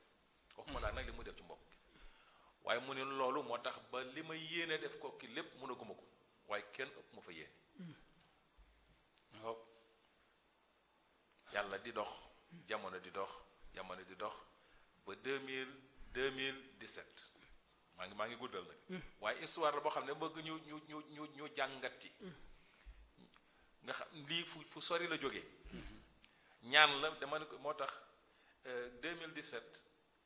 Speaker 3: waxuma laa nag li mu def ci mbokk waaye mu ne loolu moo tax ba li ma yéene def ko ki lépp mënaguma ko waaye kenn ëpp ma fa yéene mm. yàlla di dox jamono di dox jamono di dox ba 2000 2017 maa ngi maa ngi guddal nag mm. waaye histoire la boo xam ne bëgg ñu ñu ñu ñu ñu jàngat ci mm. nga xam lii fu fu sori la jógee mm-hmm. ñaan la dama ne ko moo tax 2017 euh,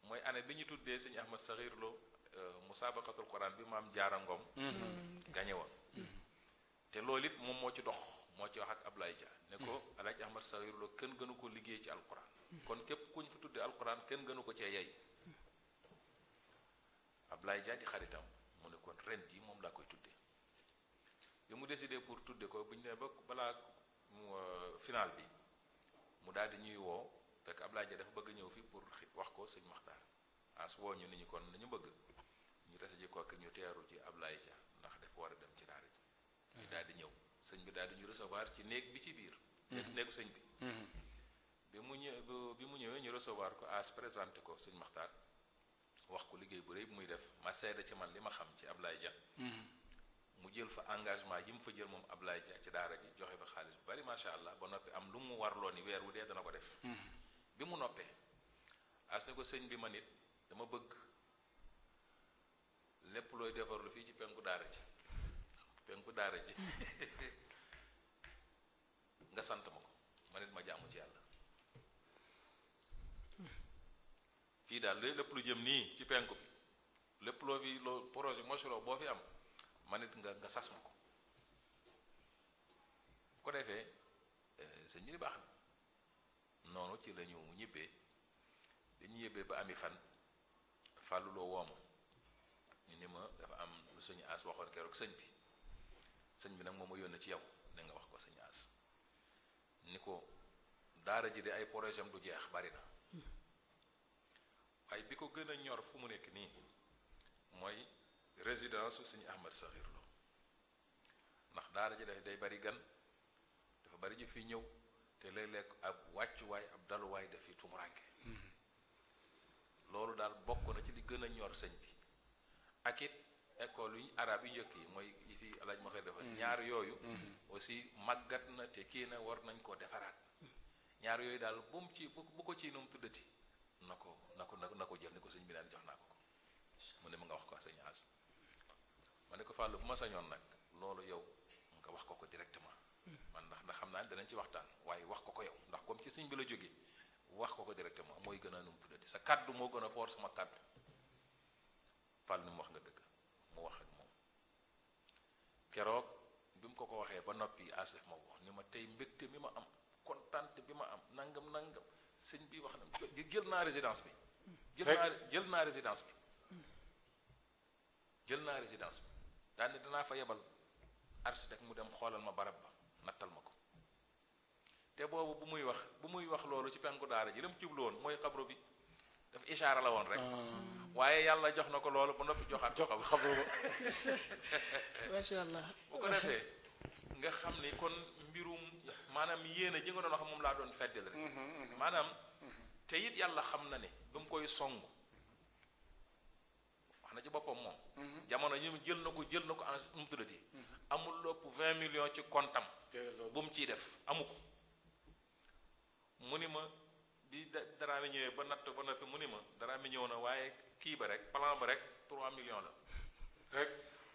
Speaker 3: mooy année bi ñu tuddee sëñ Ahmad Saxiir Lo euh, musaabaqatul Quran bi maam Jaara Ngom mm-hmm. gañe te loolu it moom moo ci dox moo ci wax ak Ablaye Dia ne ko mm-hmm. Alaaji Ahmad Saxiir kenn gënu ko liggéey ci alquran kon képp ku ñu fi tuddee alquran kenn gënu ko cee yey Ablaye Dia di xaritam mu ne kon ren jii moom laa koy tuddee bi mu décidé pour tudde ko bu ñu ne ba balaa euh, final bi mu daal di ñuy woo ab Ablaye Dia dafa bëgg ñëw fi pour wax ko sëñ Maxtaar as woo ñu ni ñu kon ni bëgg ñu tase ji ko ak ñu teeru ci Ablaye Dia ndax dafa war a dem ci daara ji ñu daal di ñëw sëñ bi daal di ñu recevoir ci néeg bi ci biir mm-hmm. néegu sëñ bi mm-hmm. bi mu ñëw bi mu ñëwee ñu recevoir ko as présenté ko sëñ Maxtaar wax ko liggéey bu rëy muy def ma seede ci man li ma xam ci Ablaye Dia mm-hmm. mu jël fa engagement yi mu fa jël moom Ablaye Dia ci daara ji joxe ba xaalis bu bari macha allah ba noppi am lu mu warloo ni weer wu dee dana ko def bi mu noppee as ko sëñ bi ma nit dama bëgg lépp looy defarlu fii ci penku daara ji penku daara ji nga sant ma ko man it ma jaamu ci yàlla fii daal lépp lu jëm nii ci penku bi lépp loo fi loo projet mosuro boo fi am man it nga nga sas ma ko bu ko defee eh, sëñ bi baax na noonu ci la ñu ñibbee dañu ñibbee ba ami fan fàlluloo loo woom ñu ni ma dafa am lu sëñ aas waxoon keroog sëñ bi sëñ bi nag moom ma yónn ci yow da wax ko sëñ ni ko daara ji de ay projet am du jeex bari na waaye bi ko gën a ñor fu mu nekk nii mooy résidence su sëñ Ahmad Saxir Lo ndax daara ji day bari gan dafa bari ñu fi ñëw te léeg lekk ab wàccuwaay ab daluwaay dafi tumuranke mm-hmm. loolu daal bokk na ci li gën a ñor sëñ bi ak it école yu arab yu njëkk yi mooy yi fi laaj ma koy defar ñaar yooyu mm-hmm. aussi màggat na te kii na war nañ ko defaraat mm-hmm. ñaar yooyu daal bu mu ci bu ko ci num tuddati na ko na ko na ko jël ni ko sëñ bi daan jox naa ko ko mu ne ma nga wax ko sëñ As ma ne ko fàllu bu ma sañoon nag loolu yow nga wax ko ko directement man ndax ndax xam naa ne danañ ci waxtaan waaye wax ko ko yow ndax comme ci sëñ bi la jógee wax ko ko directement mooy gën a nu mu tuddati sa kàddu moo gën a foor sama kàddu fal ni mu wax nga dëgg mu wax ak moom keroog bi mu ko ko waxee ba noppi asif ma wax ni ma tey mbégte mi ma am kontante bi ma am nangam nangam sëñ bi wax na jël naa résidence bi jël naa résidence bi jël naa résidence bi daane danaa fa yebal architecte mu dem xoolal ma barab ba nattal ma ko te boobu bu muy wax bu muy wax loolu ci penku daara ji la mu jublu woon mooy xabru bi daf ishaara la woon rek ah. waaye yàlla jox na ko loolu ba noppi joxaat jox xabru ba
Speaker 1: macha allah bu ko defee
Speaker 3: nga xam ni kon mbirum maanaam yéene ji nga doon moom laa doon feddal rek mm-hmm, mm-hmm. maanaam mm-hmm. te it yàlla xam na ni ba koy song wax ci boppam moom. Mhm. jamono ñu jël na ko jël na ko en nu mhm. amul lopp 20 million ci kontam. bu mu ciy def amu ko. mu ni ma bi daraa mi ñëwee ba natt ba noppi mu ni ma daraa mi ñëw na waaye kii ba rek plan ba rek 3 million la. rek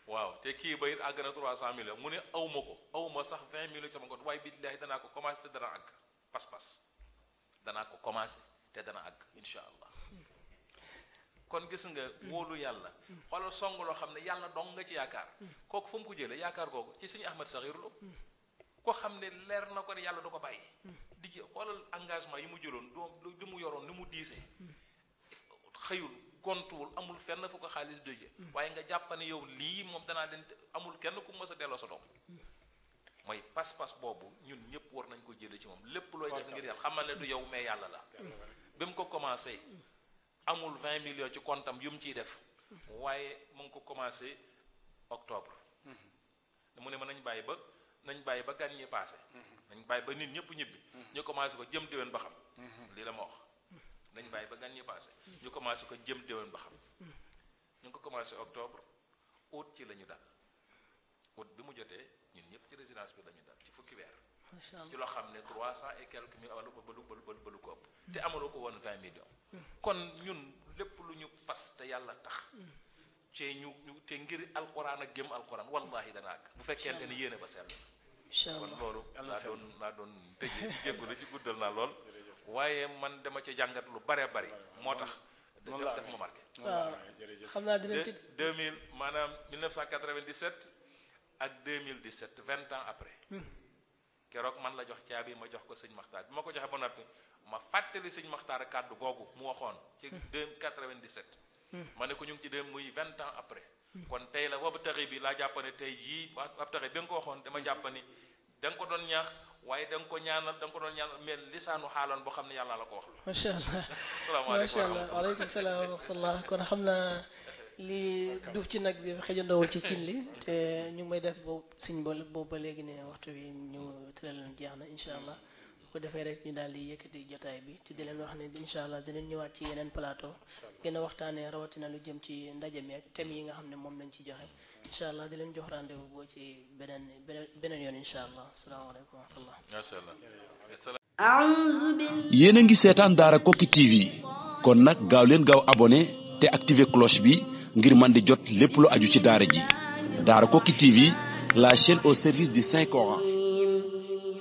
Speaker 3: waaw te kii ba it àgg na 300 millions mu ne aw ma ko awuma sax 20 millions ci sama compte waaye billaahi danaa ko commencé te dana àgg pas-pas danaa ko commencé te dana àgg incha allah. kon gis nga wóolu yàlla xoolal song loo xam ne yàlla dong nga ci yaakaar kooku fa mu ko jëlee yaakaar kooku ci sëñ Ahmad Saxiir Lo ko xam ne leer na ko ne yàlla du ko bàyyi di ci xoolal engagement yi mu jëloon doom li mu yoroon ni mu diisee xëyul gontuwul amul fenn fu ko xaalis jóge waaye nga jàpp ne yow lii moom danaa leen amul kenn ku mës a delloo sa doom mooy pas-pas boobu ñun ñëpp war nañ ko jëlee ci moom lépp looy def ngir yàlla xamal ne du yow mais yàlla la ba ko commencé amul 20 millions ci kontam yu mu ciy def waaye mu ngi ko commencé octobre
Speaker 6: mm-hmm.
Speaker 3: mu ne ma nañ bàyyi ba nañ bàyyi ba gan ñi paase mm-hmm. nañ bàyyi ba nit ñëpp ñibbi mm-hmm. ñu commencé ko jëm déwén ba xam li la ma wax nañ bàyyi ba gan ñi paase ñu commencé ko jëm déwén ba xam ñu ngi ko commencé octobre août ci lañu ñu dal août bi mu jotee ñun ñëpp ci résidence bi la ñu dal ci fukki weer ci loo xam ne trois cent et quelques mille wala ba lu ba lu ko ëpp te amaloo ko woon vingt millions kon ñun lépp lu ñu fas te yàlla tax te ñu ñu te ngir alquran ak gëm alquran wallahi dana àgg bu fekkente ni yéene ba sell kon loolu laa doon laa doon tëjee jéggu la ci guddal naa lool waaye man dema ca jàngat lu bare bari moo tax daf ma marqué waaw xam naa dinañ ci 2000 maanaam 1997 ak 2017 vingt ans après hmm. keroog man la jox caabi ma jox ko sëñ Maxtaar bi ma ko joxee ba noppi ma fàttali sëñ Maxtaar kàddu googu mu waxoon. ci 97. Hmm. Hmm. ma ne ko ñu ngi ci dem muy 20 ans après. Hmm. kon tey la wabtaxi bi laa jàpp ne tey jii wabtaxi bi nga ko waxoon dama jàpp ni da ko doon ñaax waaye da ko ñaanal da nga ko doon ñaanal mel lisaanu xaalan boo xam ne yàlla la ko wax. macha allah macha allah asalaamaaleykum wa rahmatulah. waaleykum
Speaker 1: salaam wa rahmatulah kon xam naa. lii duuf ci nag bi xëjandoowul ci cin li te ñu may def boobu siñ bool boobu ba léegi ne waxtu bi ñu tëraloon jeex na incha allah bu ko defee rek ñu daal di yëkkati jotaay bi te di leen wax ne incha allah dinañ ñëwaat ci yeneen plateau gën waxtaanee rawatina lu jëm ci ndaje mi ak yi nga xam ne moom lañ ci joxe incha allah di leen jox rendez-vous boo ci beneen beneen yoon incha allah asalaamaaleykum wa rahmatullah. macha
Speaker 3: allah. a ngi seetaan Daara Koki TV kon nag gaaw leen gaaw abonné te activer cloche bi. ngir man di jot lépp lu aju ci daara ji Daarakoki TV la chaîne au service di cinq Coran